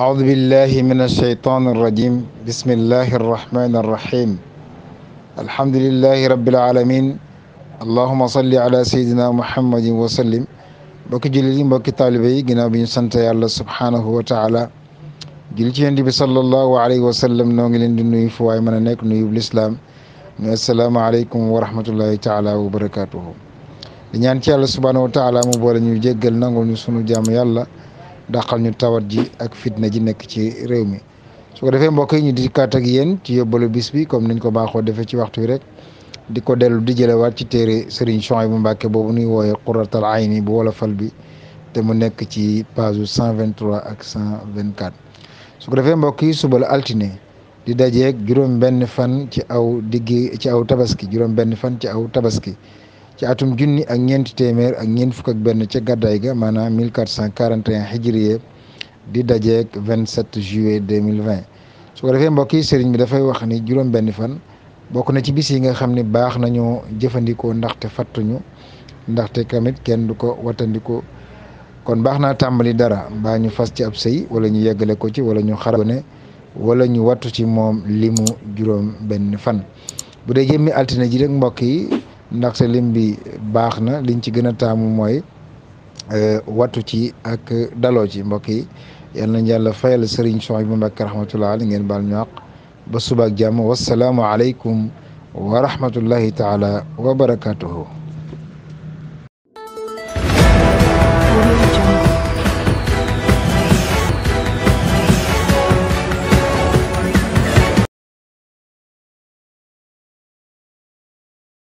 أعوذ بالله من الشيطان الرجيم بسم الله الرحمن الرحيم الحمد لله رب العالمين اللهم صل على سيدنا محمد وسلم mbokki jullit yi mbokki taalibe yi ginnaaw bi ñu sant yàlla subhaanahu wa taala jul ci yonent bi sallallahu alayhi wa sallam noo ngi leen di nuyu fu waay mën a nekk nuyu lislaam ñu assalaamu aleykum wa rahmatullahi taala wa barakaatuhu di ñaan ci yàlla subhaanahu wa taala mu boole ñu jéggal nangul ñu sunu jàmm yàlla dàqal ñu tawat ji ak fitna ji nekk ci réew mi su ko defee mbokk yi ñu di kàtt ak yéen ci yóbbalu bis bi comme niñ ko baaxoo defee ci waxtu wi rek di ko dellu di jëlewaat ci téere Serigne Souhaïbou Mbacké boobu nuy wooyee Qurratul bo bu fal bi te mu nekk ci page cent vingt trois ak cent vingt quatre su ko defee mbokk yi suba altine di dajeeg juróom benn fan ci aw diggi ci aw tabaski juróom benn fan ci aw tabaski ci atum junni ak ñeenti téeméer a ñeent fukk ak benn ca gàddaay ga maanaam 1441 hijriye di dajeeg 27 juillet 2020 su ko defee mbokk yi sëriñ bi dafay wax ni juróom benn fan bokk na ci bis yi nga xam ne baax nañoo jëfandikoo ndaxte fattuñu ndaxte tamit kenn du ko wattandikoo kon baax naa tàmbali dara mbaa ñu fas ci ab sey wala ñu yeggale ko ci wala ñu xaragone wala ñu wattu ci moom limu juróom benn fan bu dee jëmmi altine ji rek mbokk yi ndax sa lim bi baax na liñ ci gën a taamu mooy euh, watu ci ak daloo ci mbokk yi yal nañ yàlla fayal Serigne Souhaïbou Mbacké rahmatullah ali ngeen baal ñu àq ba subaak jàmm wasalaamu aleykum wa rahmatullahi taala wa